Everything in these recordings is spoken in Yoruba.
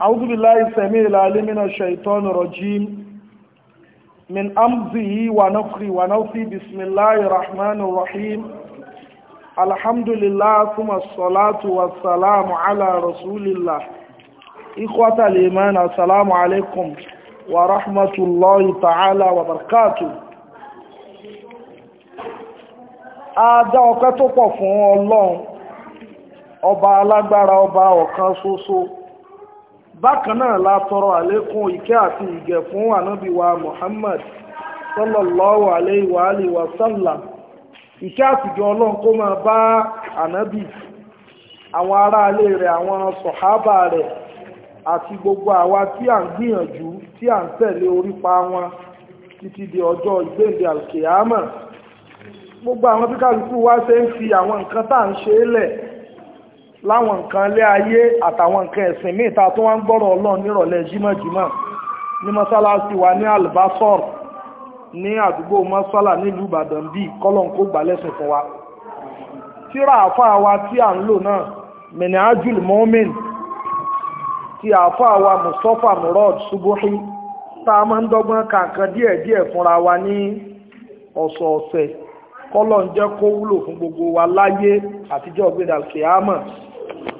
أعوذ بالله السميع العليم من الشيطان الرجيم من أمزه ونفخي ونفخي بسم الله الرحمن الرحيم الحمد لله ثم الصلاة والسلام على رسول الله إخوة الإيمان السلام عليكم ورحمة الله تعالى وبركاته Adá ọpẹ́ tó pọ̀ fún Ọlọ́run, ọba alágbára ọba ọ̀kan ṣoṣo. bákan náà la tọrọ àlékún ìkẹ́ àti ìgẹ̀ fún ànábì wa Muhammad sallallahu alayhi wa alihi wa sallam ìkẹ́ kó máa bá ànábì àwọn aráalé rẹ̀ àwọn sọ̀hábà rẹ̀ àti gbogbo àwa tí à ń gbìyànjú tí à ń tẹ̀lé di ọjọ́ ìgbéǹde gbogbo àwọn tí kálukú wa ṣe ń fi àwọn nǹkan tá à láwọn nǹkan ilé ayé àtàwọn nǹkan ẹ̀sìn míì ta tó wá ń gbọ́rọ̀ ọlọ́run nírọ̀lẹ́ jímọ̀jímọ̀ ní mọ́sálásí wa ní albasor ní àdúgbò mọ́sálà nílùú ìbàdàn bíi kọ́lọ́n kó gbà lẹ́sìn fún wa tíra àfáà wa tí à ń lò náà minhajul mumin ti àfáà wa mustapha murad subuhi tá a máa ń dọ́gbọ́n kankan díẹ̀díẹ̀ fúnra wa ní ọ̀sọ̀ọ̀sẹ̀ kọ́lọ́n jẹ́ kó wúlò fún gbogbo wa láyé àtijọ́ gbẹdàkẹ́ àmọ́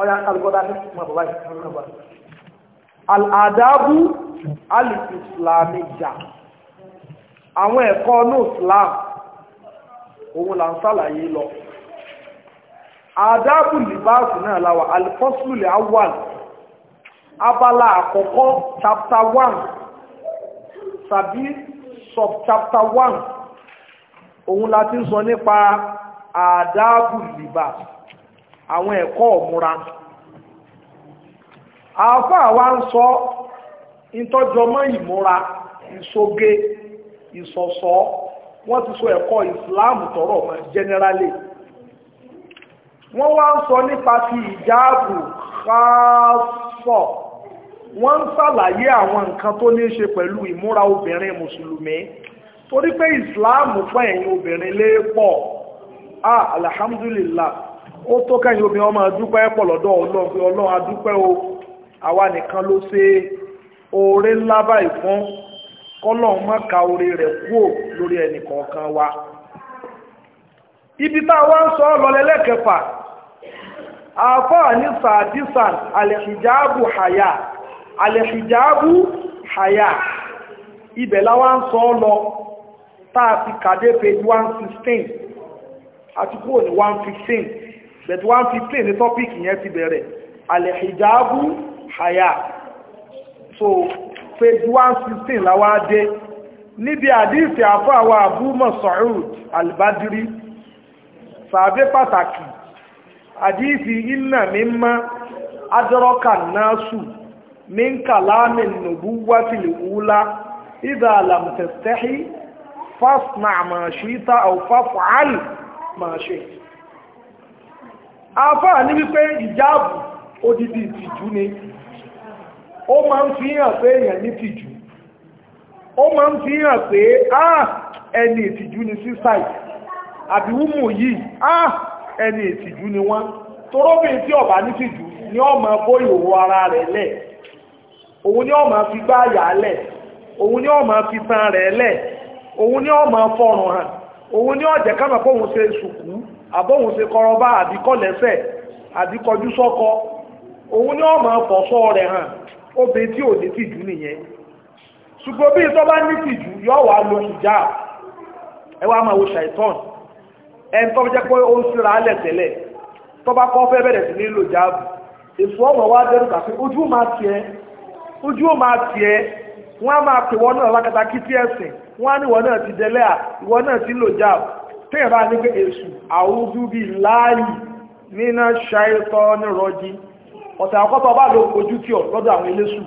ọ̀yà alùpọ̀dá ní ìmọ̀ bàbá ìfúnnàbà al'adábú alìsìsìlámìjà àwọn ẹ̀kọ́ ní islam òun là ń sàlàyé lọ àdábù libáàsì náà láwà alìfọ́sùlù awwal abala àkọ́kọ́ chapter 1 sàbí sub chapter 1 òun la ti ń sọ nípa àdábù libáàsì àwọn ẹ̀kọ́ ọ̀múra àáfàá wa ń sọ ìtọ́jọmọ́ ìmúra ìsoge ìsọ̀sọ́ wọ́n ti sọ ẹ̀kọ́ ìsìláàmù tọrọ ọmọ generally wọ́n wá ń sọ nípa ti ìjáàbù káàsọ̀ wọ́n ń sàlàyé àwọn nǹkan tó ní ṣe pẹ̀lú ìmúra obìnrin mùsùlùmí torí pé ìsìláàmù fún ẹ̀yin obìnrin léèpọ̀ ah alhamdulillah ó tó kẹ́yìn omi ọmọ dúpẹ́ pọ̀ lọ́dọ̀ ọlọ́run pé ọlọ́run o àwa nìkan ló ṣe oore ńlá báyìí fún kọ́lọ́run má ka oore rẹ̀ kúò lórí ẹnì kọ̀ọ̀kan wa ibi tá a wá ń sọ ọ́ lọ́lẹ́lẹ́kẹfà àfáà ní sàdísàn àlẹ̀hìjáàbù hàyà àlẹ̀hìjáàbù hàyà ibẹ̀ láwá ń sọ lọ táà ti kàdé page 116 àti kúrò ní 115 bẹ̀tí wọ́n fi play ní topic yẹn ti bẹ̀rẹ̀ alẹ́hijabu haya so page 116 láwá dé níbi àdíìsì àfáàwà Abu Mas'ud al-Badri sàbẹ́ pàtàkì àdíìsì inna mimma adraka nasu min kalami nubuwati al-ula idha lam tastahi fasna' ma shita aw afá ní wípé ìjáàbù odidi ìtìjú ni ó ma ń fi hàn pé èèyàn ní tìjú ó ń fi ah ẹni ìtìjú ni sísàì àbí yìí ah ẹni ìtìjú ni wọ́n toróbìn tí ọ̀bá ní ni ọ ma bó ìhòòhò ara rẹ̀ lẹ̀ òun ni ó máa fi gbá àyà lẹ̀ òun ni ó máa fi tan rẹ̀ lẹ̀ òun ni ó máa fọrùn hàn òun ni ọ àbọ̀hùn adikọ kọrọbá àbíkọ́ lẹ́sẹ̀ sọ́kọ òun ni ọmọ ọ̀fọ̀sọ́ rẹ̀ hàn obìnrin tí ò ní tìjú nìyẹn ṣùgbọ́n bí ìtọ́ bá ní tìjú yóò wá lo ìjà ẹ wá máa wo ṣàìtàn ẹni tó jẹ́ pé ó ń síra alẹ̀ tẹ́lẹ̀ tó bá kọ́ fẹ́ bẹ̀rẹ̀ sí ní lò èso wa dẹrù kàfé ojú máa ojú máa máa pè náà lákàtà kí tí á ní ti ìwọ tẹ́yẹ̀ bá ní pé èṣù àwúdú bí láàyì nínà ṣáìtọ́ ní rọjí ọ̀tẹ̀ àkọ́tọ̀ bá ló ojú tí ọ lọ́dọ̀ àwọn eléṣù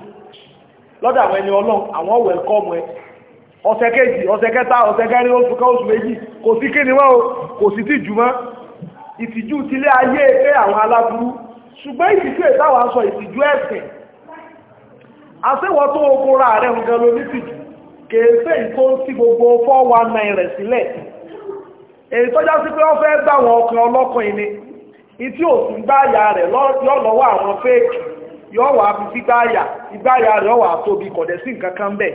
lọ́dọ̀ àwọn ẹni ọlọ́run àwọn wẹ̀lkọ́mù ẹ ọ̀sẹ̀ kejì ọ̀sẹ̀ kẹta ọ̀sẹ̀ kẹrin oṣù kan oṣù méjì kò sí kí ni wọ́n o kò sí tí jùmọ́ ìtìjú tilé ayé pé àwọn aláburú ṣùgbọ́n ìtìjú ìtawà sọ ìtìjú ẹ̀sìn àṣẹwọ́ tó okòrò ààrẹ nǹkan lónítìjú kèéfẹ́ ìkó sí gbogbo 419 rẹ̀ sílẹ̀ èyí tọ́já sí pé wọ́n fẹ́ gbà wọn ọkàn ọlọ́kàn ni ìtí òsì rẹ̀ yọ lọ́wọ́ àwọn fẹ́ẹ̀kì yọ wà á fi gbáàyà ìgbáàyà rẹ̀ wà á kọ̀dẹ̀ sí nǹkan kan bẹ́ẹ̀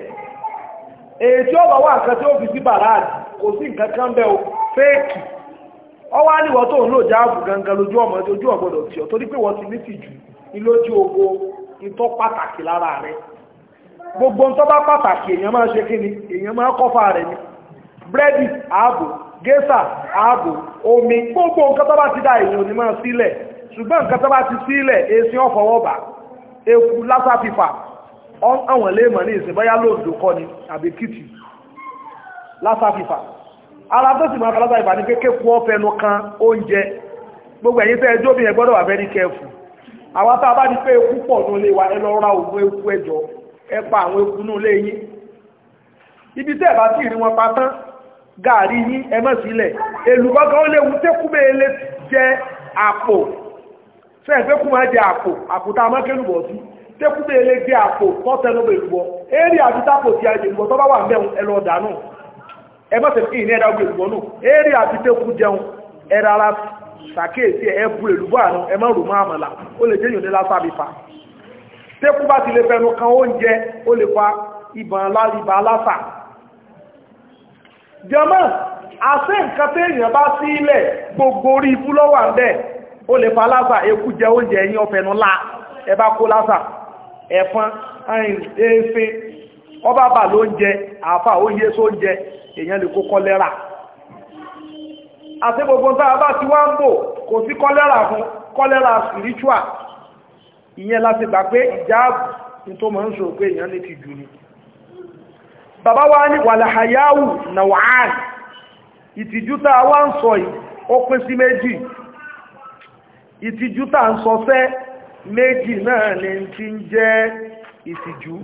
èyí tí ó lọ́wọ́ tí ó fi sí bàrádì kò sí nǹkan kan bẹ́ẹ̀ o fẹ́ẹ̀kì ọwọ́ àníwọ̀ tó ń lò gangan lójú ọmọ ojú torí pé ti ní tìjú gbogbo ni gẹ́sà ààbò omi gbogbo nǹkan tó bá ti dá èèyàn ní máa sílẹ̀ ṣùgbọ́n nǹkan tó bá ti sílẹ̀ èsì ọ̀fọwọ́bà eku lásàfífà àwọn léèmọ̀ ní ìsìn bóyá lóòdò kọ́ ni àbí kìtì lásàfífà ara tó sì máa kọ́ lásàfífà ní kékeré kú ọ́fẹ́ nu kan oúnjẹ gbogbo ẹ̀yin tẹ́ ẹjọ́ obìnrin gbọ́dọ̀ wà very careful àwọn tá a bá ní pé eku pọ̀ nù pa àwọn eku nù lé yín ibi tẹ́ bá sì rí wọn pa tán gàrí yí ẹmọ́ sílẹ̀ èlùbọ́gán ó léwu tẹ́kùnbẹ̀ ilé jẹ àpò fẹ́ẹ̀fẹ́ kú máa jẹ àpò àpòtá amákẹ́lùbọ̀ sí tẹ́kùnbẹ̀ ilé jẹ àpò tọ́tẹ́lóbẹ̀ èlùbọ́ eré àbítàpò ti àjẹ èlùbọ́ tọ́ bá wà mẹ́un ẹlọ́dà náà ẹmọ́ tẹ̀ kí ní ẹ̀dá ogun èlùbọ́ náà eré àbítẹ́kù jẹun ẹ̀rọ ara sàkíyèsí ẹ̀bù èlùbọ́ àná ẹmọ́ rò máa mọ̀lá ó lè jẹ́ yòndé lásàbífà tẹ́kù bá ti lè fẹnu kan oúnjẹ ó lè fa ibà alásà jọmọ́ àṣẹ nǹkan tí èèyàn bá sí ilẹ̀ gbogbo orí ibú lọ́wà ń bẹ̀ ó lè fa lásà ekú jẹ oúnjẹ ẹ̀yìn ọ̀fẹ́nu lá ẹ bá kó lásà ẹ̀fọn ẹ̀fẹ́ ọba bà lóúnjẹ àfà oúnjẹ sóúnjẹ èèyàn lè kó kọ́lẹ́rà àti gbogbo tàà bá ti wá ń bò kò sí kọ́lẹ́rà fún kọ́lẹ́rà spiritual ìyẹn láti gbà pé ìjáàbù tó mọ̀ ń sọ pé èèyàn lè ti jù ni bàbá wa ní wàlàhàyáwù na wàán ìtìjú tá a wá ń sọ yìí ó pín sí méjì ìtìjú tá a ń sọ sẹ́ méjì náà ni ti ń jẹ́ ìtìjú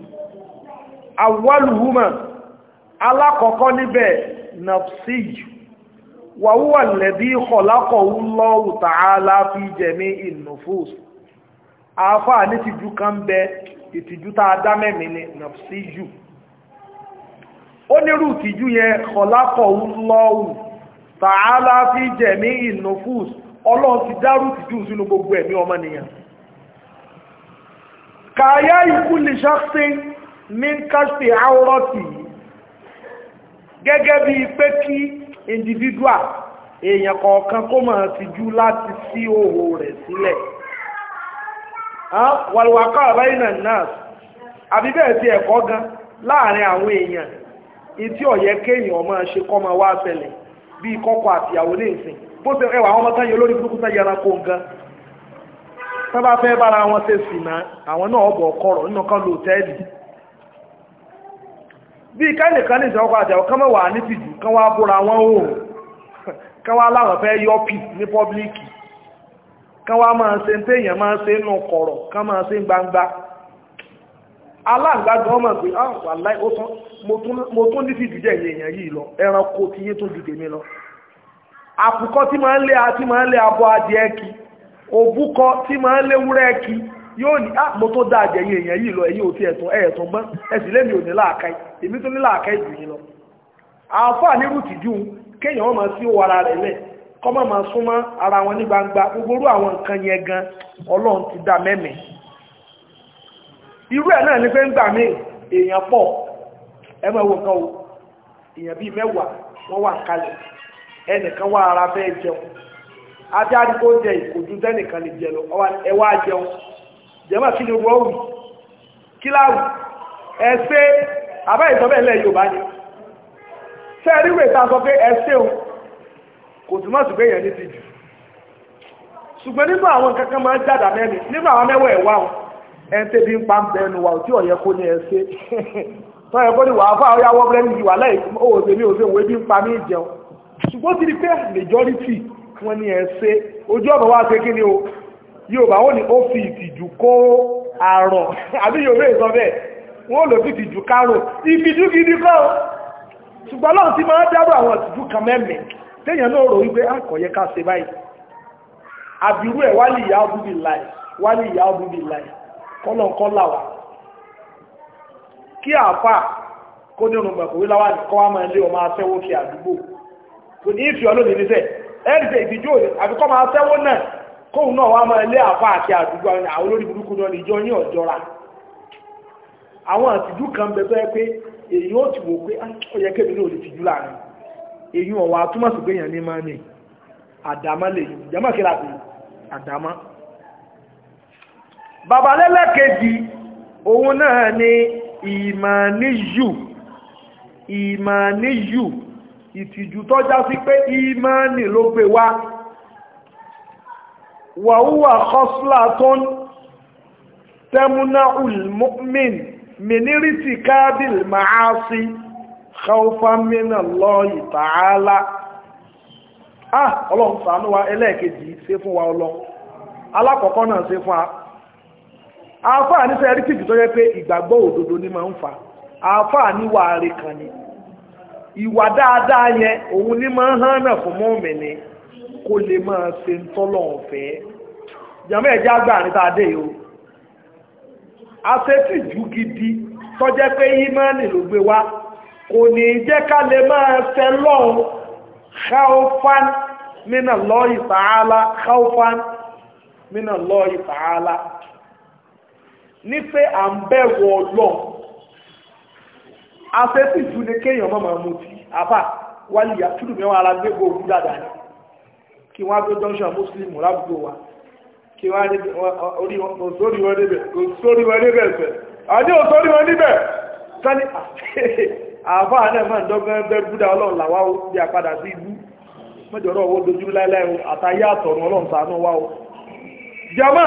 awwaluhuma alákọ̀ọ́kọ́ níbẹ̀ nafsij wàhúwà lẹ́bí kọ̀lákọ̀ọ́ ìtìjú kan dá mẹ́mí ni nafsiju ó nírú ìtìjú yẹn kọ̀lákọ̀ lọ́wù tààlà fi jẹ̀mí ìnùfúùs ọlọ́run ti dárú ìtìjú sínú gbogbo ẹ̀mí ọmọnìyàn kàyà ikú lè ṣáṣí ní káṣí àwọ́rọ̀tì gẹ́gẹ́ bí pé kí individual èèyàn kọ̀ọ̀kan kó máa tìjú láti sí òhò rẹ̀ sílẹ̀ wàlúwàkọ̀ àbáyìnà náà àbíbẹ̀ẹ̀ ti ẹ̀kọ́ gan láàrin àwọn èèyàn ìtí ọ̀yẹ́ kéèyàn ọmọ ṣe kọ́ ma wá ṣẹlẹ̀ bí kọ́kọ́ àtìyàwó ní ìsìn bó ṣe ẹwà àwọn ọmọ tán burúkú sáyé kó nǹkan tó fẹ́ bára wọn ṣe sì náà àwọn náà ọ̀bọ̀ ọkọ̀rọ̀ nínú kan lò tẹ́ẹ̀lì bíi ní ìṣẹ́ ọkọ̀ mẹ́wàá ní tìjú wá wọn ò wá láwọn fẹ́ yọ pì ní pọ́blíkì gbangba aláǹgbájọ ọmọ pé ah, wà láì ó tán mo tún ní sí èèyàn yìí lọ ẹranko tí yín tó ju tèmi lọ àpùkọ tí máa ń lé àti máa ń lé abọ́ adìẹ òbúkọ tí máa ń lé yóò ní ah, mo tó dá àjẹyìn èèyàn yìí lọ ẹ̀yìn òtí ẹ̀tàn ẹ̀ẹ̀tàn gbọ́n lẹ́mi láàkáì èmi tó ní láàkáì jù yín lọ àáfàá nírú tìjú kéèyàn sí ara wọn ní gbangba gbogbo orú àwọn nǹkan yẹn gan irú ẹ̀ náà ní pé ń gbà mí èèyàn pọ̀ ẹ máa wo kan o èèyàn bíi mẹ́wàá wọ́n wà kalẹ̀ ẹnìkan wà ara fẹ́ jẹun àti àdúgbò jẹ ìkòjú tẹ́nìkan lè jẹ lọ ẹ wá jẹun jẹ́mọ̀ kí ni wọ́n wù kí láwù ẹ ṣe àbá ìsọ́bẹ̀ ilẹ̀ Yorùbá ni ṣe rí ta sọ pé ẹ ṣeun kò túnmọ̀ sí pé ní ti jù ṣùgbọ́n nínú àwọn kankan máa ń jàdà mẹ́rin nínú àwọn mẹ́wàá ẹ̀wà wọn ẹni tẹ́bi ń pa ń bẹnu wa òtí ọ̀yẹ́ kó ní ẹ ṣe tọ́yẹ kó ní wàá fáwọn yàwó bẹ́ẹ̀ ní ìwà láì ó ṣe mí ò bí ń pa mí jẹun ṣùgbọ́n ti di pé majority wọn ní ẹ ṣe ojú ọ̀nà wa ṣe kí ni o yóò bá wọn ní ó fi ìtìjú kó àrùn àbí yóò bẹ́ẹ̀ sọ bẹ́ẹ̀ wọn ò lò fi ìtìjú kárò ìtìjú gidi kọ́ ṣùgbọ́n lọ́run ti máa dábọ̀ àwọn ìtìjú kan mẹ́mẹ́ téèyàn náà ah, láì wálé ìyá ọdún bíi láì kọ́lọ̀ kọ́ làwà kí àfà kó ní ònùgbà kòwé láwà kọ́ wá máa lé ọmọ aṣẹ́wó kí àdúgbò kò ní ìfì ọlọ́dún ní sẹ́ ìdíjú òní máa náà náà wá máa lé àfà àti àdúgbò àwọn olórí burúkú náà níjọ ní ọ̀jọ́ra àwọn àtìjú kan bẹ tó pé èyí ó ti wò pé ah, ó yẹ náà ò lè tìjú láàrin èyí ọ̀wà túmọ̀ sí pé ní máa ní àdámá lè kí babalẹ́lẹ́kejì òun náà ni ìmàníyù ìmàníyù ìtìjú tó já sí pé ìmánì ló gbé wá wàhúwà kọ́sùlátún tẹ́múná ulmọ́mìn mìnírìtì kábìl màásí kọ́fàmínà lọ́yì tààlà ah ọlọ́run ṣàánú wa ẹlẹ́ẹ̀kejì ṣe fún wa ọlọ́run alákọ̀ọ́kọ́ náà ṣe fún wa àáfàá ní sẹ́yẹ́rì kìkì tó yẹ pé ìgbàgbọ́ òdodo ni máa ń fa àáfàá ní wà á rè kan ni ìwà dáadáa yẹn òun ni máa ń hàn náà fún mọ́ọ̀mìnì kó lè máa ṣe ń tọ́lọ̀ ọ̀fẹ́ jàmọ́ ẹ̀jẹ̀ àgbà ní tá a dé yìí gidi tọ́jẹ́ pé ìmánì ló gbé wá kò ní jẹ́ ká lè máa ṣe lọ́hùn káófán mínà lọ́ọ̀yì tààlà káófán mínà lọ́ọ̀yì tààlà ní pé à ń bẹ̀wọ̀ ọlọ́run afẹ́fìtú ni kéèyàn mọ́ màá mutí àbá wálé àtúndù mẹ́wàá ara gbé gbòògùn dáadáa ni kí wọ́n á gbé junction muslim ládùúgbò wa kí wọ́n á rí orí wọn kò sórí wọn níbẹ̀ kò sórí wọn níbẹ̀ sẹ̀ àdé ò sórí wọn níbẹ̀ sani àbá náà máa ń dọ́gbọ́n bẹ́ búdà ọlọ́run làwa ó bí apadà sí ibú mẹ́jọ náà wọ́n dojú láéláé àtàyé àtọ̀run ọlọ́run ṣàánú wa ó jama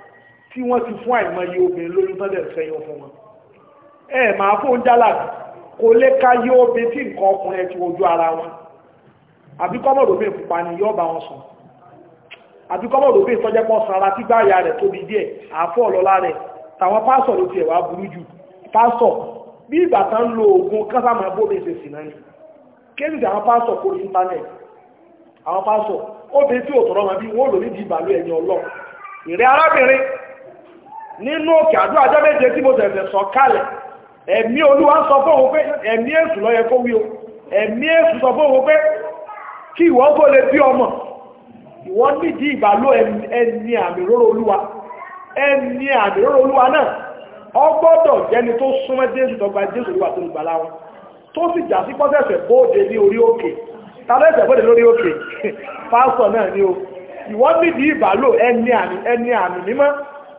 tí wọ́n ti fún àìmọye obìnrin lóyún tán dẹ̀ fẹ́ yọ fún wọn ẹ máa fóun jálàbí kò lè ka yọ obìnrin tí nǹkan ọkùnrin ti ojú ara wọn àbí kọ́mọ̀dù mi pupa ni yọ́ bá wọn sùn àbí kọ́mọ̀dù mi tọ́jẹ́ pọ̀ sanra tí gbáyà rẹ̀ tóbi díẹ̀ àáfọ́ ọ̀lọ́lá rẹ̀ tàwọn pásọ̀ ló tiẹ̀ wá burú jù pásọ̀ bí ìgbà tán lo oògùn kásámà bóbi ṣe sì náà ni kéèdì tí àwọn pásọ̀ kó ní íńtánẹ̀tì àwọn pásọ̀ obìnrin tí ò tọ̀rọ̀ wọn bí wọ́n lò ní ìdìbàlú ẹ̀yìn ọlọ́ ìrẹ́ arábìnrin nínú òkè àdó àjọ méje tí mo tẹ̀sẹ̀ sọ kalẹ̀ ẹ̀mí olúwa sọ fóòwò pé ẹ̀mí èṣù ló yẹ kó o ẹ̀mí sọ fóòwò pé kí ìwọ tó lè bí ọmọ ìwọ ìbálò ẹni àmì róró olúwa ẹni àmì róró olúwa náà ọgbọ́dọ̀ jẹni tó súnmọ́ jésù tọgbà jésù olúwa tó gbà láwọn tó sì jà sí pọ́sẹ̀sẹ̀ bóde ní orí òkè tàbẹ́sẹ̀ bóde lórí òkè náà ni o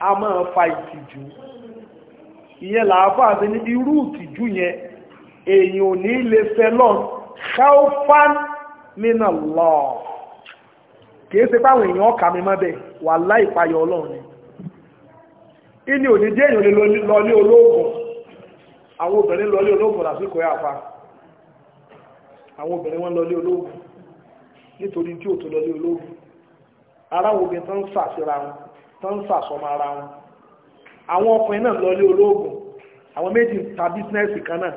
a máa fa ìtìjú ìyẹn làáfà àti ní irú ìtìjú yẹn èèyàn ò ní lè fẹ́ lọ́n káófán nínà lọ kìí ṣe páwọn èèyàn ọkà mi mọ́ bẹ́ẹ̀ wà láì payọ ọlọ́run ni ìní òní jẹ́ èèyàn lè lọlé olóògùn àwọn obìnrin lọlé olóògùn lásìkò àfa àwọn obìnrin wọn lọlé olóògùn nítorí tí ò tó lọlé olóògùn aráwọ̀ obìnrin tó ń fà síra wọn tó ń sàsọmọ ara wọn àwọn ọkùnrin náà lọlé olóògùn àwọn méjì ta bísínẹ́sì kan náà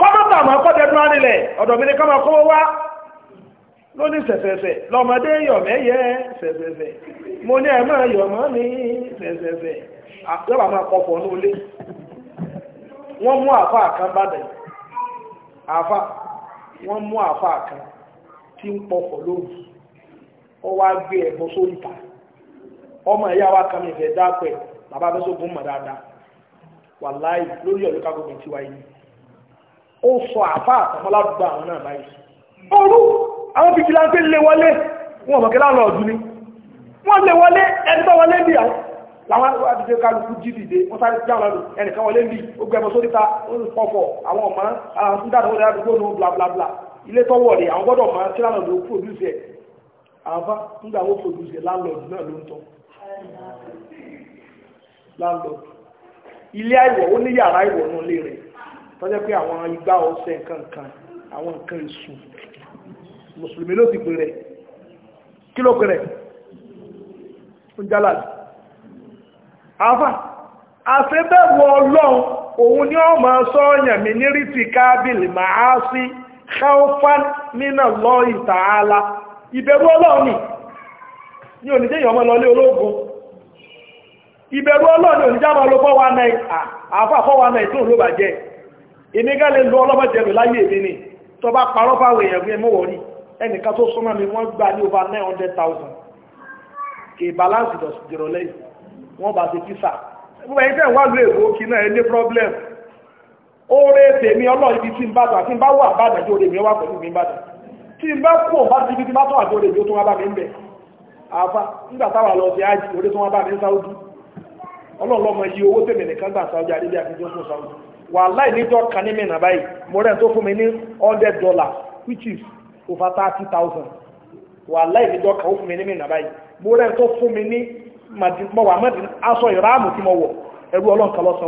kọ́mọ́tà àmọ́ kọ́tẹ́dún ánilẹ̀ ọ̀dọ̀ mi ni kọ́mọ́ kó wá lóní sẹ̀sẹ̀sẹ̀ lọ́mọdé yọ̀mẹ́yẹ sẹ̀sẹ̀sẹ̀ mo ní ẹ̀mọ́ yọ̀mọ́ mi sẹ̀sẹ̀sẹ̀ àtọ́bà máa kọfọ̀ ní olé wọ́n mú àfá àkán bàdẹ̀ àfá wọ́n mú àfá àkán tí ń pọfọ̀ lóòrùn ó wá gbé ẹ̀bọ sórí ìtàkì ọmọ ẹ̀yà wa kan mi fẹ́ dápẹ́ bàbá abẹ́sọ̀gùn mọ̀ dáadáa wàláì lórí ọ̀lú kágọ́gùn tiwa yìí ó sọ àfá àtàmọ́lá gbà àwọn náà báyìí orú àwọn bíbí láńpẹ́ lè wọlé wọn mọ̀kẹ́ láńlọ ọ̀dún ni wọ́n lè wọlé ẹni tó wọlé bí àwọn àdìdẹ kálukú jídìde wọ́n sáré jáwọn lọ ẹnìkan wọlé bí ó gbẹmọ sórí ta ó ń pọ̀pọ̀ àwọn ọmọ àwọn tó dáadọ́ wọlé àdúgbò nù bla ilé tọ́wọ́ rẹ̀ àwọn gbọ́dọ̀ mọ̀ kí láńlọ́ọ̀dù ó produce ẹ̀ àwọn bá ń gbà wọ́n produce ẹ̀ láńlọ́ọ̀dù náà ló ń tọ́ láńlọ́ọ̀dù ilé àìwọ̀ ó ní yàrá ìwọ̀ náà lè rẹ̀ tọ́jẹ́ pé àwọn igbá ọ̀sẹ̀ nǹkan kan àwọn nǹkan èṣù mùsùlùmí ló ti pè rẹ̀ kí ló pè rẹ̀ ń jálàdì àfà àṣẹ́bẹ̀wọ̀ ọlọ́run òun ni ọmọ sọ́ọ̀yàn mi ní rìtì kábìlì màá sí káwọ́fán nínà lọ ìtààlà ìbẹ̀rù ọlọ́run ni ní oníjẹ́ ìyọmọ lọlé ológun ìbẹ̀rù ọlọ́ni òníjàmọ̀ ló 419 àfà 419 tó ló bà jẹ́ èmi gẹ́lẹ̀ lọ ọlọ́mọ̀jẹ̀rù láyé èmi ni tó bá parọ́ fáwọn èèyàn fún ẹmọ́wọ̀ rí ẹnìkan tó súnmọ́ mi wọ́n gbà ní over 900,000 kì í balance ìdọ̀sìdìrọ̀ lẹ́yìn wọ́n bá ti písà gbogbo ẹ̀yìn tẹ́ wà lórí èkó kí náà ní problem ó rẹ̀ tèmi ọlọ́run ibi tí ń bàtà tí ń bá wà bàtà tí ó rẹ̀ mi wà pẹ̀lú mi bàtà tí ń bá kú ọ̀bá ti ibi tí bá tọ́ àjọ rẹ̀ mi ó tó wá bá ọlọ́ọ̀lọ́mọ iye owó tèmi nìkan gbà Saudi Arabia fi jẹ́ fún Saudi wàhálà ìníjọ́ kan ní mìíràn báyìí mo rẹ̀ tó fún mi ní hundred dollars which is over thirty thousand wàhálà ìníjọ́ kan ó fún mi ní mìíràn báyìí mo rẹ̀ tó fún mi ní aṣọ tí mo wọ̀ ẹrú wa sallallahu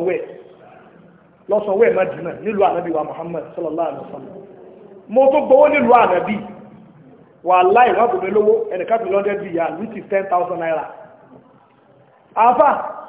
alayhi wa sallam mo tó gbowó nílùú ànábì wàhálà ìwádìí mi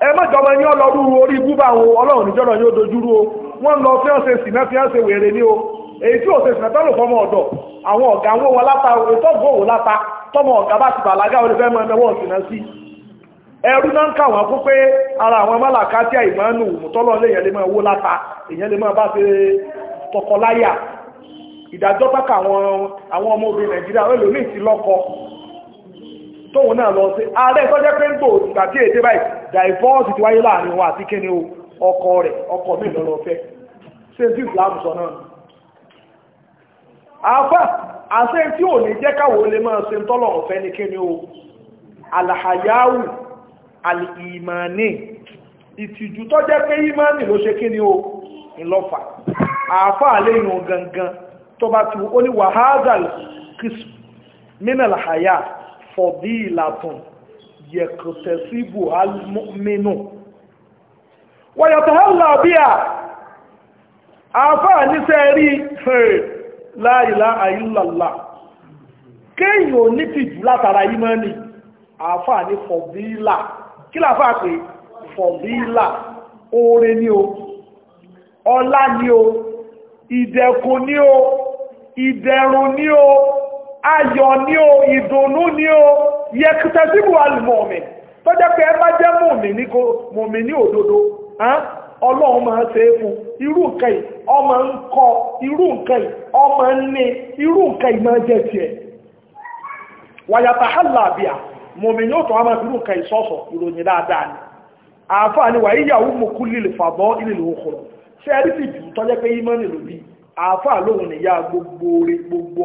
ẹ mọ́jọba ní ọlọ́rú orí gúbà wọn ọlọ́run níjọ́nà yóò dojúrú o wọ́n lọ fẹ́ ọ̀sẹ̀ sìnà fi ọ̀sẹ̀ wèrè ní o èyí tí ọ̀sẹ̀ sìnà tọ́lù fọmọ ọ̀dọ̀ àwọn ọ̀gá wọn wọn láta tọmọ ọ̀gá bá ti bàlágà wọn fẹ́ sí ẹrú náà ń ara àwọn mọ́làká tí a ìmọ̀ọ́nù tọ́lọ́ tóun náà lọ sí ààrẹ tó jẹ́ pé ń gbò ìgbà tí èdè báyìí dàìfọ́ọ̀sì ti wáyé láàrin wa àti kíni ọkọ rẹ̀ ọkọ mi lọ́lọ́ fẹ́ ṣe ń sí ìsìlámù sọ náà àfà àṣẹ tí ò ní jẹ́ káwò lè máa ṣe ń tọ́lọ̀ ọ̀fẹ́ ní kíni o alàhàyáwù alìmọ̀ní ìtìjú tó jẹ́ pé ìmọ̀ní ló ṣe kíni o ìlọ́fà àfà àléyìn gangan tó bá ti ó ní wàhálà kìsù mínàlàhàyáwù fọ̀díìlàtùn yẹ̀kọ̀tẹ̀síbù almọ́mínú wọ̀yọ̀tọ̀ hálà bí i àfáà níṣẹ́ rí láìlá àìlàlá kéyìn ò ní ti jù látara ìmánì àfáà ní fọ̀díìlà kí láfáà pé fọ̀díìlà oore ni o ọlá ni o ìdẹ̀kùn ni o ìdẹ̀rùn ni o ayọ̀ ni o ìdùnnú ni o yẹkùtà síbù alùmọ̀mì tó jẹ́ pé ẹ bá jẹ́ mọ̀mì ní òdodo ọlọ́run máa ṣe é fún irú nǹkan yìí ọmọ ń kọ irú nǹkan yìí ọmọ ń ní irú nǹkan yìí máa jẹ́ tiẹ̀ wàyàtà hàlàbíà ní òtún irú nǹkan yìí sọ́sọ̀ ìròyìn dáadáa ni àáfàá ni wà lílè fàbọ́ ṣe rí tọ́jẹ́ pé yí gbogbo orí gbogbo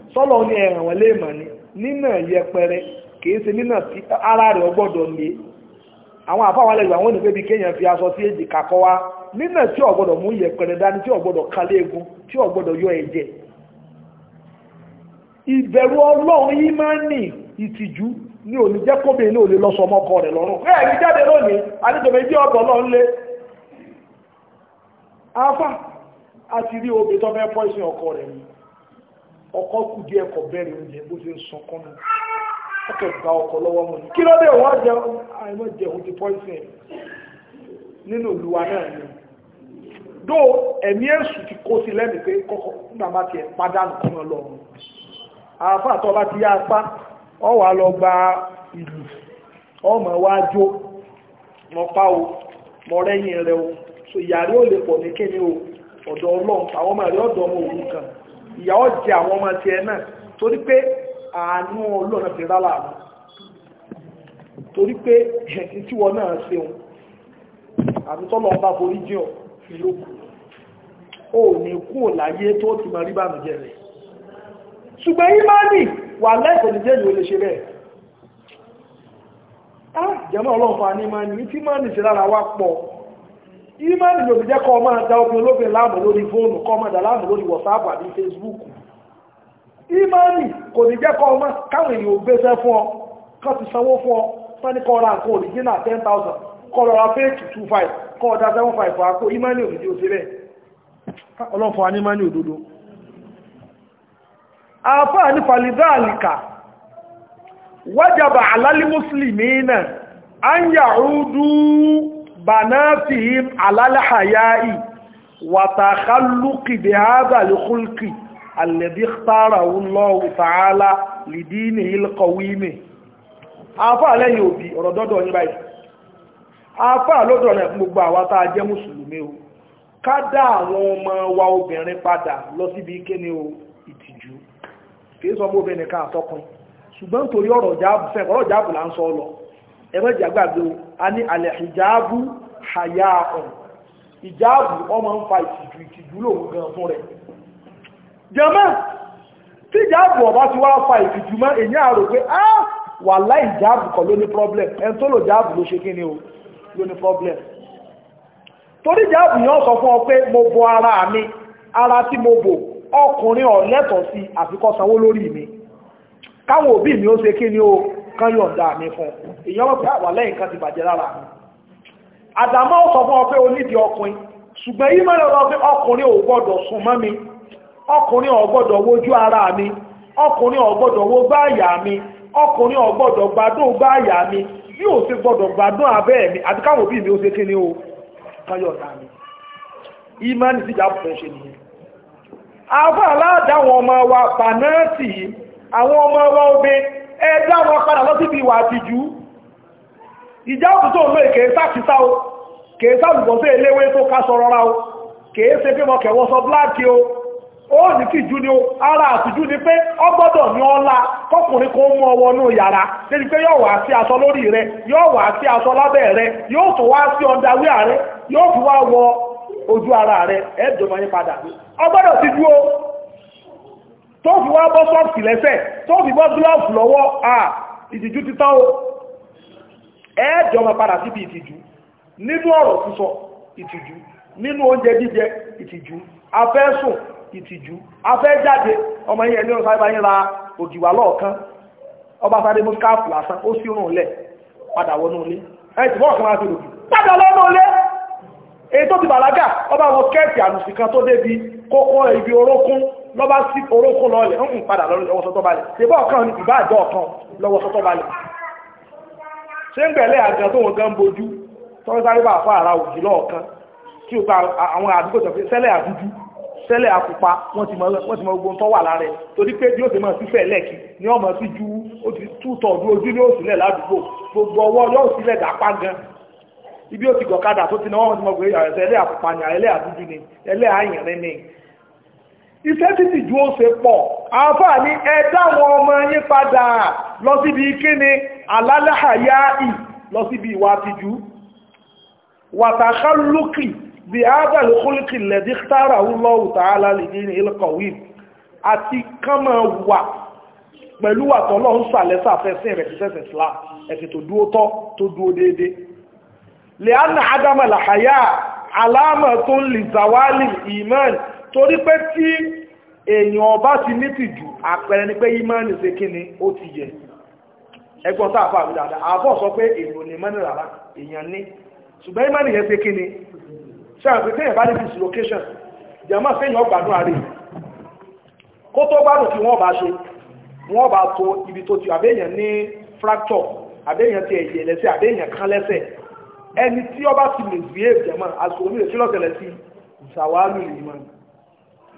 sọ́lọ́ ní ẹ̀ràn wọn léèmọ̀ ni nínà yẹpẹrẹ kìí ṣe nínà tí ara rẹ̀ ọgbọ́dọ̀ lé àwọn àfáwalẹ̀ ìgbà wọn ní pé bí kéèyàn fi aṣọ sí èjì kakọ́ wa nínà tí ọgbọ́dọ̀ mú yẹpẹrẹ dání tí ọgbọ́dọ̀ kalẹ̀ egun tí ọgbọ́dọ̀ yọ ẹ̀jẹ̀ ìbẹ̀rù ọlọ́run yìí máa ń ní ìtìjú ní òní jẹ́ rẹ̀ lọ́rùn ọkọ kù díẹ̀ kọ bẹ̀rẹ̀ oúnjẹ bó ṣe gba ni kí ló dé jẹ jẹ òun ti pọ́ìsìn nínú náà ni dó ẹ̀mí ti kó sí lẹ́nu pé kọ́kọ́ nígbà bá tiẹ̀ àáfàá tó bá ti o rẹ́yìn rẹ o o ọ̀dọ̀ ọlọ́run àwọn ọmọ ọ̀dọ̀ ọmọ òun ìyàwó jẹ àwọn ọmọ tiẹ̀ náà torí pé àánú ọlọ́run ti rálà mú torí pé ẹ̀sìn tí wọn náà ṣeun àbí tọ́lọ̀ ń bá forí jìn ọ́ ìlókù ó ní kú ò láyé tó ti mọ rí bàmùjẹ rẹ̀ ṣùgbọ́n ìmánì wà lẹ́kọ̀ọ́ níjẹ́ ìlú olè ṣe bẹ́ẹ̀ á ah, jẹ́mọ́ ọlọ́run fa ní ìmánì tí ìmánì sí lára wá pọ̀ ìmọ̀lì lòdì jẹ́ kọ́ máa da obìnrin olóbìnrin láàmú lórí fóònù kọ́ máa dà láàmú lórí wọ̀sáàpù àbí facebook kò ní jẹ́ kọ́ ọmọ káwọn èèyàn gbéṣẹ́ fún ọ kọ́ ti sanwó fún ọ sani kọ́ ra nǹkan òrìjínà ten kọ́ lọ́ra fẹ́ẹ̀kì two kọ́ seven fún akó òdìdí ní náà banatihim alálàhàyáì wàtàkálùkì bí hádàlì kúlùkì alẹ́bí tààràwù lọ́wù tààlà lìdíni ilkọ̀wímì afá lẹ́yìn òbí ọ̀rọ̀ dọ́dọ̀ ní báyìí afá lọ́dọ̀ rẹ̀ fún gbogbo àwa tá a jẹ́ mùsùlùmí o ká dá àwọn ọmọ wa obìnrin padà lọ síbi kíni o ìtìjú kìí mọ́ obìnrin ká àtọkùn ṣùgbọ́n torí ọ̀rọ̀ jáàbù fẹ́ ọ̀rọ̀ jáàbù là ń sọ lọ ẹgbẹ́jì àgbàdo a ní alẹ̀ ìjáàbù àyà ọ̀n ìjáàbù ọmọ ń fa ìtìjú ìtìjú lòun gan fún rẹ̀ jẹmọ́ tí ìjáàbù ọba ti wá fa ìtìjú mọ́ èyí àrò pé á wà láì ìjáàbù kọ̀ ló ní problem ẹni tó lò ìjáàbù ló ṣe kí ni o ló ní problem torí ìjáàbù yẹn sọ fún ọ pé mo bo ara mi ara tí mo bò ọkùnrin ò sí àfikọ́ lórí mi káwọn òbí mi ó ṣe kí ni o kán yọ̀ǹda mi fún èyàn wọ́n pé àwà lẹ́yìn kan ti bàjẹ́ lára mi àdàmọ́ sọ fún ọ pé o nídìí ọkùnrin ṣùgbọ́n yí mẹ́rin lọ pé ọkùnrin ò gbọ́dọ̀ sùn mọ́ mi ọkùnrin ò gbọ́dọ̀ wojú ara mi ọkùnrin ò gbọ́dọ̀ wo gbáàyà mi ọkùnrin ò gbọ́dọ̀ gbádùn gbáàyà mi bí ò ṣe gbọ́dọ̀ gbádùn abẹ́ mi àti káwọn òbí mi ó ṣe kí ni o kán yọ̀ǹda mi ìmánì sí ìjà fún ṣe nìyẹn àbá aládàwọn àwọn ọmọ wa obìnrin ẹjọ́ àwọn padà lọ síbi ìwà àti jù ìjá òkútó òun lóì kèé o kèé sàlùbọ̀sẹ̀ eléwé tó ká rọra o kèé ṣe pé mọ kẹwọ́ sọ bláàkì o ó ní kí ni o ara àtijú ni pé ọ gbọ́dọ̀ ní ọlá kọkùnrin kó mú ọwọ́ pé yóò wá sí aṣọ lórí rẹ yóò wá sí aṣọ lábẹ́ rẹ yóò wá sí yóò fi wá wọ ojú ara rẹ tó fi wá bọ́ sọ́ọ̀sì lẹ́sẹ̀ tó fi bọ́ gílọ́ọ̀fù lọ́wọ́ à ìtìjú ti tán o ẹ̀ẹ́jọba padà síbi ìtìjú nínú ọ̀rọ̀ sísọ ìtìjú nínú oúnjẹ jíjẹ ìtìjú afẹ́sùn ìtìjú afẹ́jáde ọmọ yẹn ní ọ̀sán ìbáyín ra òjìwà lọ́ọ̀kan ọba sáré mú skáàfù lásán ó sí rùn lẹ̀ padà wọnú ilé ẹ̀ tí wọ́n kan láti lòdì padà lọ́nà ilé èyí tó ti bàlágà ọba wọ kẹ́ẹ̀tì àmùsì kan tó débi kókó ibi orókún lọ́ba sí orókó lọ́ọ̀lẹ̀ ń padà lọ́wọ́ sọ́tọ́ balẹ̀ ṣèbá ọ̀kan ní ìbá àjọ ọ̀kan lọ́wọ́ sọ́tọ́ balẹ̀ ṣé ń gbẹ̀lẹ́ àjọ tó wọn gan bojú tó ń sáré bá fún ara òjì lọ́ọ̀kan tí ó gba àwọn àdúgbò tó fi sẹ́lẹ̀ àdúdú sẹ́lẹ̀ àpupa wọ́n ti mọ gbogbo tó wà lára ẹ̀ torí pé bí ó ti mọ̀ sí fẹ̀lẹ̀ kí ni ọmọ sí ju tútọ̀ ojú ojú ní òsìlẹ̀ ládùúgbò gbogbo ọwọ́ yóò sílẹ̀ dápá gan ibi ó ti gọ̀kadà tó ti náwó wọn ti mọ̀ pé ẹlẹ́ àpupa ni ẹlẹ́ àdúdú ni ẹlẹ́ àyìnrín ni iṣẹ́ títì ju ó ṣe pọ̀ àáfàá ní ẹ dáwọn ọmọ yín padà lọ síbi kíni alálàáyá ì lọ síbi ìwà àtijú wàtàkálùkì bí ábàlùkùlùkì lẹ́dí tààrà Allahu ta'ala lè ní ilkọ̀wé àti kánmọ̀ wà pẹ̀lú àtọ́lọ́ ń sàlẹ̀ sàfẹ́sìn rẹ̀ títẹ́sẹ̀ sílá ẹ̀sìn tó dúó torí pé tí èèyàn bá ti ní tìjú àpẹẹrẹ ni pé ìmánì ṣe kí ni ó ti yẹ ẹgbọ́n tá àfà àbí dáadáa àbọ̀ sọ pé èèyàn ní mọ́nì rárá èèyàn ní ṣùgbọ́n ìmánì yẹn ṣe kí ni ṣáàpì téèyàn bá ní dislocation jàmá séèyàn gbádùn àárẹ̀ kó tó gbádùn kí wọ́n bá ṣe wọ́n bá to ibi tó ti àbẹ́yàn fracture àbẹ́yàn ti ẹ̀jẹ̀ lẹ́sẹ̀ àbẹ́yàn kan lẹ́sẹ̀ ẹni tí ó bá ti misbehave jàmá àsòwò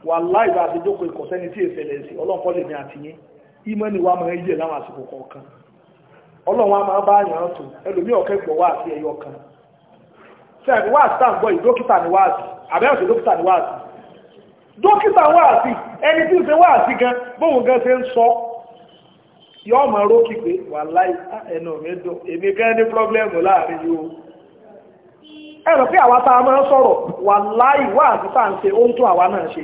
wà láì bá ti jókòó ìkọ̀sẹ́ni tí ìṣẹ̀lẹ̀ sí ọlọ́pọ̀ lè ní àtìyín ìmọ̀ ni wàá máa ń yẹ láwọn àsìkò kọ̀ọ̀kan ọlọ́run á máa bá yàn án tó ẹlòmíì ọ̀kẹ́gbọ̀ wá àti ẹyọ kan sẹ́ẹ̀kì wá àti tàǹgbọ́ yìí dókítà ni wá àti àbẹ́rẹ́ dókítà ni wá àti dókítà wá àti ẹni tí ń ṣe wá àti gan bóun gan ṣe ń sọ yọ ọmọ rókì pé wà láì ẹnu mi dùn èmi gan ní pírọ́blẹ́mù láàrin yìí o ẹ̀rọ pé àwa tá a máa ń sọ̀rọ̀ wà láì wá àti tá à ń ṣe ohun tó àwa náà ṣe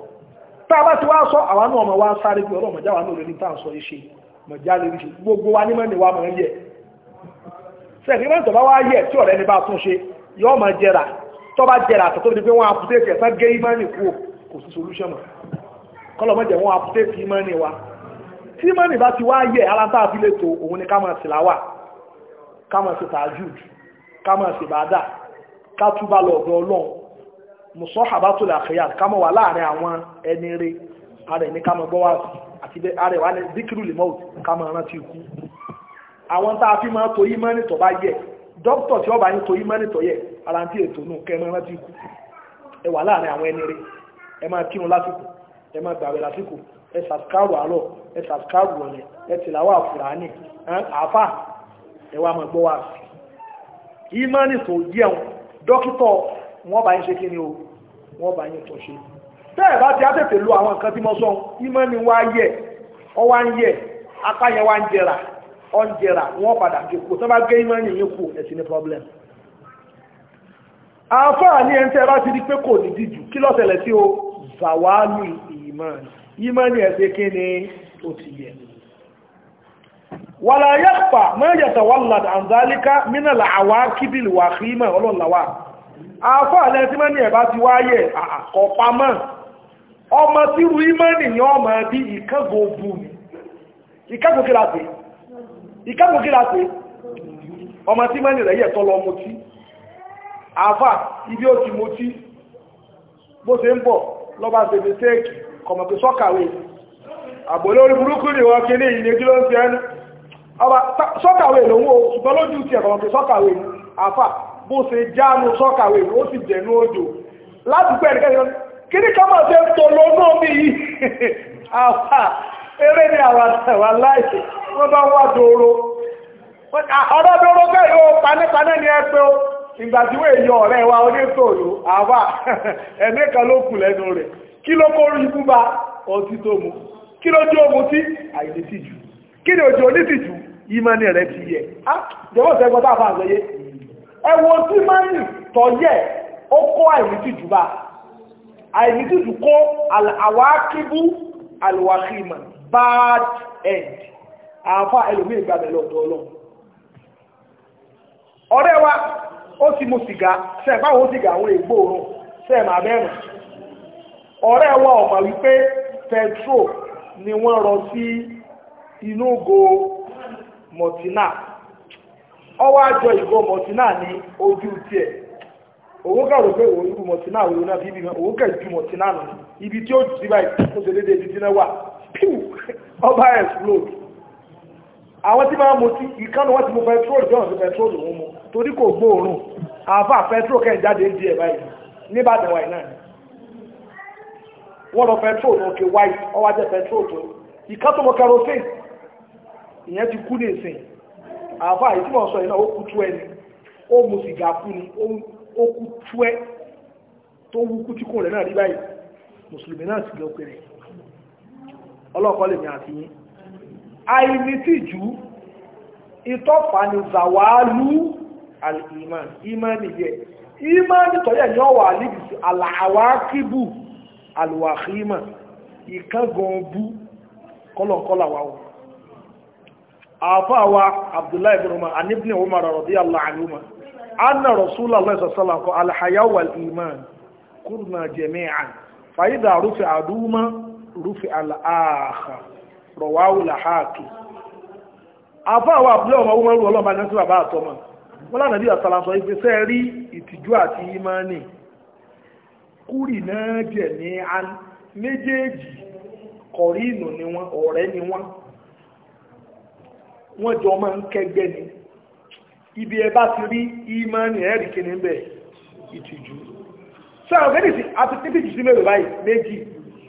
tá a bá ti wá sọ àwa náà ọmọ wa sáré bí ọlọ́mọ jáwa náà lórí tá à ń sọ iṣẹ́ mọ̀já lórí ṣe gbogbo wa ní mọ́ni wa mọ̀ ń yẹ sẹ́ẹ̀ni wọ́n tọ́ bá wá yẹ tí ọ̀rẹ́ ni bá tún ṣe yọ́ mọ̀ jẹrà tọ́ bá jẹrà tó tóbi pé wọ́n àpùtẹ́ẹ̀kì ẹ̀fẹ́ gé ìmánì kú kò sí solúṣọ́ mọ̀ kọ́lọ̀mọ́jẹ̀ wọ́n àpùtẹ́ẹ̀kì ìmánì wa tí ìmánì bá ti wá yẹ aláǹtà àfilẹ̀ tó òun ni ká máa sì láwà ká máa sì ẹni rẹ ara ẹni ká gbọ́ wá àti ara ní zikiru ká mọ rántí ikú àwọn tá a fi máa tó yí mẹ́rin tó bá yẹ dókítà tí ọba yín tó yí mẹ́rin tó yẹ ara ń ètò nù kẹ́ ẹ rántí ikú ẹ wà láàrin àwọn ẹni rẹ ẹ máa kírun lásìkò ẹ máa gbàwẹ̀ lásìkò ẹ sàskáàrù àárọ̀ ẹ sàskáàrù ọ̀lẹ̀ ẹ àfùrání àáfà wá yí mẹ́rin dókítà tẹ́ ẹ̀ bá ti á tètè lo àwọn nǹkan tí mo sọ ìmọ̀ ni wá yẹ ọ wá ń yẹ apá yẹn wá ń jẹrà ọ ń jẹrà wọ́n padà gé kó tó bá gé ìmọ̀ ni yín kú ẹ̀sìn ní problem. àáfàá ní ẹni tẹ́ ẹ bá ti di pé kò ní díjú kí lọ́sẹ̀lẹ̀ sí o zawalu ìmọ̀ ìmọ̀ ni ẹ̀sẹ̀ kí ni ó ti yẹ. wàlá yẹ́pà mẹ́jẹ̀tà wàlàdà àǹzálíkà mínà làwá kíbìlì wà kí ìmọ̀ ọlọ́ọ̀làwà àáfàá lẹ́sìn mẹ́ni ẹ̀ bá ti wáyẹ̀ àkọ́pamọ́ ọmọ tí ru imani ni ọmọ bí ìkẹ́gò bú mi ìkẹ́gò kí láti ìkẹ́gò kí láti ọmọ tí imani rẹ̀ yẹ̀ tọ́lọ ọmọ tí àfà ibi ó ti mo tí bó ṣe ń bọ̀ lọ́bá ṣe fi sẹ́ẹ̀kì kọmọ̀ pé ni wọ́n kí ní ilé kí ló ń fi ẹnu ọba sọ́kàwé lòun o ṣùgbọ́n lójú ti ẹ̀kọ̀mọ̀ pé sọ́kàwé àfà bó ṣe jáánu sọ́kàwé ó láti pẹ́ ẹ̀rẹ́kẹ́ kíní ká máa fẹ́ tọ̀ lọ náà mi yìí àwà eré ni àwà àwà láì wọ́n bá wà dòrò ọ̀rọ̀ dòrò bẹ́ẹ̀ yóò panípaná ni ẹ pé ìgbà tí wọ́n èyàn ọ̀rẹ́ wa onítòòrò àwà ẹ̀mí kan ló kù lẹ́nu rẹ̀ kí ló kó rí búba ọtí tó mu kí ló jó mu tí àìlè ti jù kí ni òjò ní ti jù ìmọ̀ ni rẹ̀ ti yẹ jọ̀wọ́ sẹ́gbọ́n tá àgbẹ̀yẹ ẹ̀wọ̀n tí máa ń tọ́yẹ̀ ó kó àìlè ti jù bá àìnítìtù kó àwákíbú àlùwàkìmà bad end àáfà ẹlòmíì ìgbàbẹ̀ lọ́dọ̀ ọlọ́run ọ̀rẹ́ wa ó ti mu sìgá sẹ́ẹ̀ báwo sìgá àwọn ègbò òórùn sẹ́ẹ̀ máa bẹ́ẹ̀ mọ̀ ọ̀rẹ́ wa ọ̀mà wípé petro ni wọ́n rọ sí inú go mọ̀tínà ọwọ́ àjọ ìgò mọ̀tínà ní ojú tiẹ̀ owó kàrò pé òun irú mọ̀tí náà òun náà bíbí mọ́ owó náà ibi tí ó jù sí báyìí ó ibi tí náà wà píù ọba explode àwọn tí máa ìkánu ti mú pẹtrol jọ̀ọ́ sí pẹtrol òun mu torí kò petrol àbá pẹtrol kẹ́ jáde ń di ẹ̀ báyìí níbàdàn wáyé náà wọ́n lọ pẹtrol òkè wáyé ọwọ́ ajẹ́ pẹtrol tó ìkátọ́mọ kerosene ìyẹn ti kú ní ìsìn àbá ìtumọ̀ sọ kú tú ẹni ó mu ó kú túẹ́ tó wú kú tí kò rẹ̀ náà rí báyìí mùsùlùmí náà sì lọ pèrè ọlọ́kọ́ lè ní àfihàn àìnítìjú ìtọ́fà ni zàwálú al-iman iman yẹ iman tọ́yẹ̀ ní ọwà alìbìsí aláwákíbù alùwàkímà ìkángan bú kọ́lọ̀kọ́lọ̀ wà wọ́n àfáà wa abdullahi bin umar anibni umar radiyallahu aluma anna rasulallah sasala kọ alhayawal iman kurna jami'an fàyídà rufi àdúmọ́ rufi al'áàkà rọ̀wáwù làhákì afáwà abúlé ọmọ ọmọ ọmọ ọlọ́mọ ẹni tí bàbá àtọmọ wọn lánàá bí àsàlàsọ ìgbésẹ̀ rí ìtìjú àti imani kúrì náà jẹ̀ ní méjèèjì kọ̀rí ìnù ni wọ́n ọ̀rẹ́ ni wọ́n wọ́n jọ máa ń ni ibi ẹ bá ti rí ìmánì ẹ̀rì kìíní bẹ́ẹ̀ ìtìjú so àwọn kẹ́lì sí àti títìjú sí mẹ́rin báyìí méjì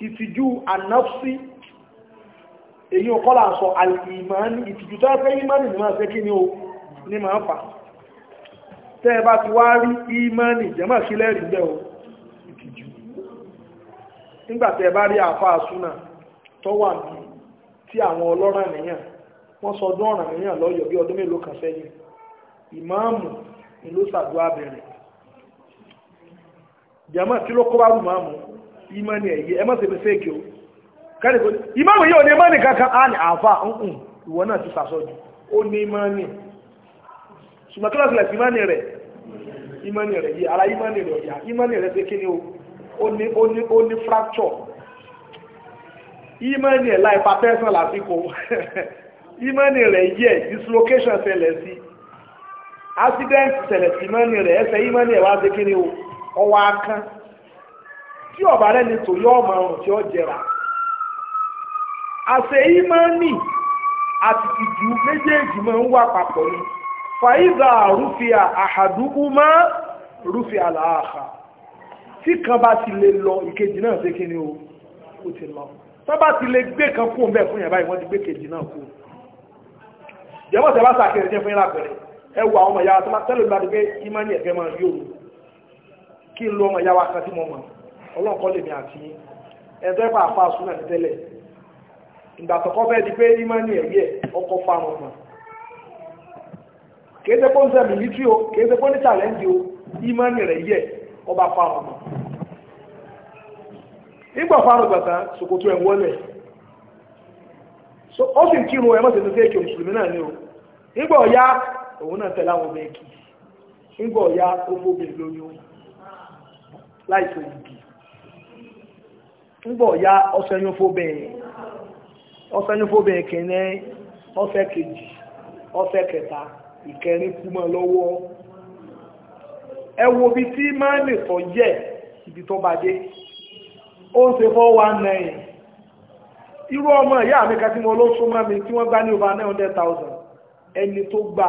ìtìjú ànáfsí èyí ò kọ́lá sọ àlìmánì ìtìjú tó ẹgbẹ́ ìmánì ní máa fẹ́ kí ni ó ní máa fà tẹ́ ẹ bá ti wá rí ìmánì jẹ́mọ̀ sí lẹ́rìí bẹ́ẹ̀ o ìtìjú nígbà tẹ́ ẹ bá rí àáfàá súnà tó wà ní tí àwọn ọlọ́ràn nìyàn wọ́n sọ ọdún ọ̀ràn nìyàn lọ́yọ̀ bí ọdún mélòó kan sẹ́yìn ìmáàmù ìlú sàdúrà bẹ̀rẹ̀ jama tí ló kó bá ìmáàmù ìmáàmù ẹ̀yẹ ẹ má ṣe fẹ́ kí o kárí kò ìmáàmù yìí ò ní ìmáàmù kankan á ní àáfà ńkùn ìwọ náà ti sàsọjù ó ní ìmáàmù ṣùgbọ́n kílọ̀sì lẹ̀ sí ìmáàmù rẹ̀ ìmáàmù o fracture ìmáàmù rẹ̀ láì pa tẹ́sán lásìkò ìmáàmù rẹ̀ yẹ dislocation ṣẹlẹ̀ sí accident ṣẹlẹ̀ sí mọ́ni rẹ̀ ẹsẹ̀ yìí mọ́ni ẹ̀ wá ṣe kí ni o ọwọ́ akán tí ọ̀bà rẹ̀ ni tòyí ọmọ ọ̀run tí ó jẹra àṣẹ yìí mọ́ni àti ìjù méjèèjì máa ń wà papọ̀ ni fàyíza rúfìà àhàdúkú mọ́ rúfìà làáhà tí kan bá ti lè lọ ìkejì náà ṣe kí ni o ó ti lọ tó bá ti lè gbé kan kú òun fún yàrá ìwọ́n ti gbé kejì náà kú jẹ́wọ́n tẹ́ bá sàkéré jẹ́ fún yàrá bẹ̀rẹ̀ ẹ ọmọ ìyá tó máa tẹ́lẹ̀ ìgbà pé ìmánì ẹ̀fẹ́ máa yóò n lọ ọmọ wa kan tí mo mọ̀ lèmi àti ẹ̀fẹ́ pa àfa súnà ní tẹ́lẹ̀ ìgbà fẹ́ di pé ìmánì ẹ̀rí ẹ̀ ọkọ̀ ṣe o kìí ṣe ní o rẹ̀ yẹ ọba fáwọn ọmọ nígbà gbàtà ẹ̀ wọlé ọ sì òun náà tẹ̀lé àwọn ọmọ ẹ̀kì ńgbọ̀ ya ọmọbìn lóyún láìsọ ìdì ńgbọ̀ ya ọsẹ́yúnfóbìn kìíní ọ̀sẹ̀ kejì ọ̀sẹ̀ kẹta ìkẹrin kú mọ́ lọ́wọ́ ẹ wo bí tí máa lè tọ́ yẹ ibi tó bá dé ó ń ṣe fọ́ wa nẹ́yìn irú ọmọ ìyá mi kan tí mo ló súnmọ́ mi tí wọ́n gbá ní over nine hundred thousand ẹni tó gbà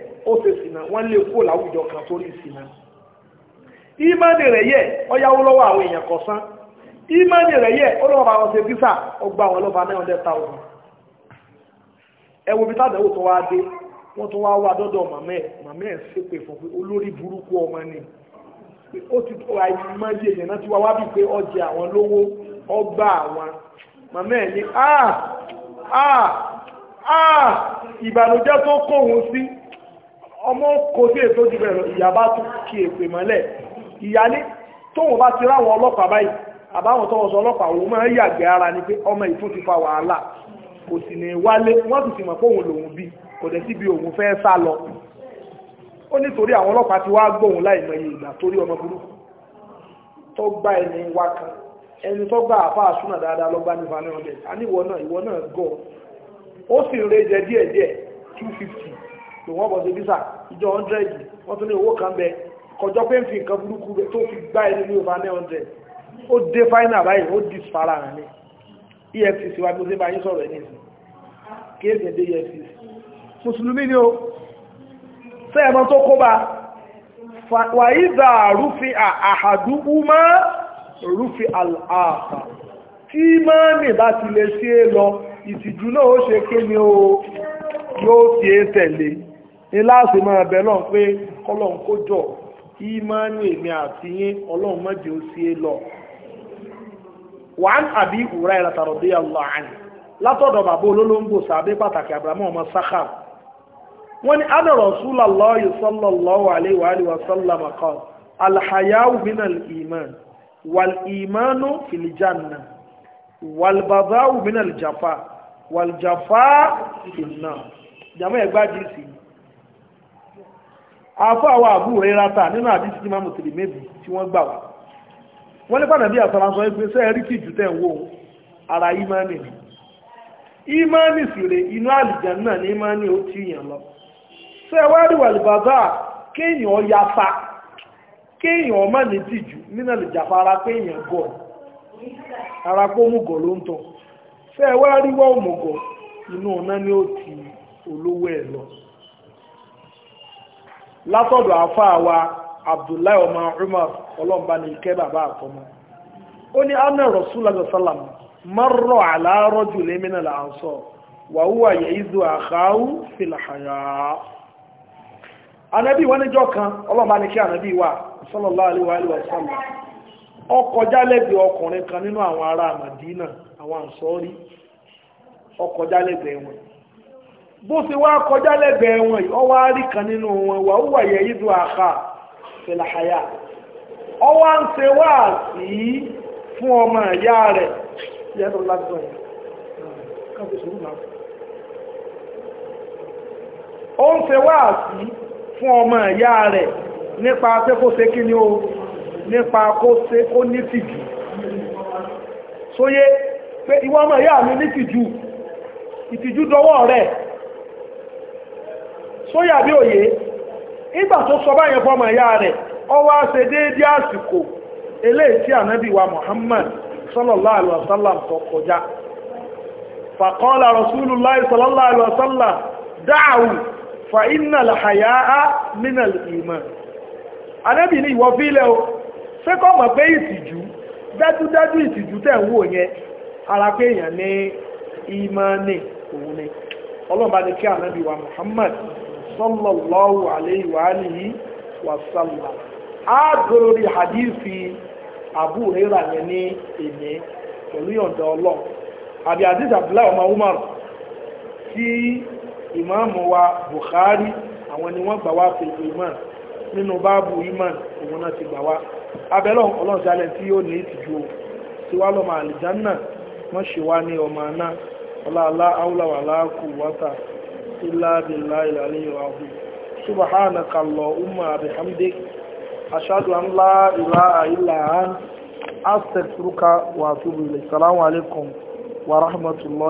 ofe ṣe sìnà wọ́n lé kó láwùjọ kan torí ìsìnà ìmánì rẹ̀ yẹ ọyáwó lọ́wọ́ àwọn èèyàn kan sán ìmánì rẹ̀ yẹ ọlọ́wọ́ bá wọn ṣe bísà ọgbà wọn lọ́ba nine hundred thousand ẹwọ́ bí tàdánwò tó wá dé wọ́n tó wá wá dọ́dọ̀ màmẹ́ màmẹ́ ṣépè fún ni ó ti tó àìmọye ma náà ọjà ọgba ni ah ah ah ìbànújẹ́ tó kóhun sí. ọmọ kò sí ètò jù bẹ̀rẹ̀ ìyá bá tún kí èpè mọ́lẹ̀ ìyá ní tóun bá ti ráwọn ọlọ́pàá báyìí àbáwọn tó wọ́n sọ ọlọ́pàá òun máa ń yàgbẹ́ ara ni pé ọmọ ìfún ti fa wàhálà kò sì ní wálé wọ́n sì ti mọ̀ pé òun lòun bí kò dẹ̀ síbi òun fẹ́ sá lọ ó nítorí àwọn ọlọ́pàá ti wá gbóhùn láìmọ̀ iye ìgbà torí ọmọ burúkú tó gbá ẹni wá kan ẹni tó gbá àfa àsúnà dáadáa lọ gbá ní vanilla a ní náà ìwọ náà gọ̀ ó sì ń rejẹ díẹ̀díẹ̀ two fifty pé wọ́n bọ̀ sí visa ìjọ hundred wọ́n tún ní owó kan bẹ kọjọ́ pé ń fi nǹkan burúkú tó fi gbá ẹni ní over nine hundred ó dé final báyìí ó dis fara hàn ní EFCC wa bí bá yín sọ̀rọ̀ ẹ̀ nìyí kéèsì ẹ̀dẹ́ EFCC mùsùlùmí ni ó sẹ́ẹ̀mọ́ tó kó bá wà ìdá rúfi àhàdúkú mọ́ rúfi àlàáfà tí mọ́ ní bá ti lè ṣe lọ ìtìjú náà ó ṣe kí ni yóò fi é tẹ̀lé láàṣì máa bẹ̀ lọ́n pé kọ́lọ́n kó jọ kí máa ní èmi àti yín ọlọ́run mọ́jì ó sí é lọ. wàán àbí ìwúra ẹ̀rọ tààrọ̀ bí ọlọ́ látọ̀dọ̀ bàbá olólóńgbò sàbí pàtàkì àbúrámọ́ ọmọ sáká wọ́n ní adọ̀rọ̀ súlà lọ́ọ̀yì sallallahu alaihi wa alihi wa afáwà àbúrò ìrata nínú àdíjì tí máa mùsùlùmí méjì tí wọ́n gbà wá wọ́n ní pàdánù bí àsọ̀rọ̀ sọ pé sẹ́ẹ̀ rí tìjú tẹ̀ ń wò ara ìmánì ni ìmánì sì rè inú àlìjàn náà ní ìmánì ó ti yàn lọ sẹ́ẹ̀ wá rí wàlìbàbà kéèyàn yafa kéèyàn ọmọ ní tìjú nínú àlìjàfa ara kéèyàn gọ̀ ara kó mú gọ̀ ló ń tọ̀ sẹ́ẹ̀ wá rí inú ọ̀nà ni ó ti olówó ẹ̀ lọ látọ̀dọ̀ àfáà wa abdullahi ọmọ umar ọlọ́mbà ní ikẹ́ bàbá àtọmọ ó ní anna rasulullah sallam marọ̀ àlárọ̀ jù lẹ́mìnà làásọ̀ wà wúwà yẹ ìzù àkáwù anabi wọn níjọ kan ọlọ́mbà ní kí anabi wà sallallahu alayhi wa sallam ó kọjá ọkùnrin kan nínú àwọn ará Madina àwọn bó ṣe wá kọjá lẹ́gbẹ̀ẹ́ wọn yìí ọwọ́ àárí kan nínú wọn wà ó wà yẹ̀yí dùn àká fìlàhàyà ọwọ́ à ń ṣe wá sí fún ọmọ ìyá rẹ̀ yẹ́dọ̀ lágbọ̀n yìí káfí sùúrù náà ó ń ṣe wá sí fún ọmọ ìyá rẹ̀ nípa pé kó ṣe kí ni o nípa kó ṣe kó ní tìjú sóyé pé ìwọ ọmọ ìyá mi ní tìjú ìtìjú dọwọ́ rẹ̀ sóyà bí òye ìgbà tó sọ báyẹn fọmọ ìyá rẹ̀ ó wá déédé àsìkò eléyìí tí Muhammad sallallahu alaihi wasallam tó kọjá sallallahu alaihi wasallam fa inna al-haya'a iman ní ìwọ fílẹ̀ o ṣé mọ̀ pé ìtìjú dájúdájú ìtìjú ń wò ara pé èèyàn ní òun ni ọlọ́mbà ní kí ànábì wa sallallahu alayhi wa alihi wa sallam a dúró rí hadithi abu hira yẹn ní èmi pẹ̀lú yọ̀ǹda ọlọ́ àbí hadith abdullahi ọmọ umar tí ìmáàmù wa bukhari àwọn ni wọ́n gbà wá pẹ̀lú iman nínú báàbù iman òun náà ti gbà wá abẹ́lọ́ ọlọ́run sálẹ̀ tí yóò ní ìtìjú tí wá lọ́mọ àlìjánà wọ́n ṣe wá ní ọmọ aná ọlá aláwọ̀lá wàlá kù wátà إلا بالله العلي العظيم سبحانك اللهم بحمدك أشهد أن لا إله إلا أنت أستغفرك وأتوب إليك السلام عليكم ورحمة الله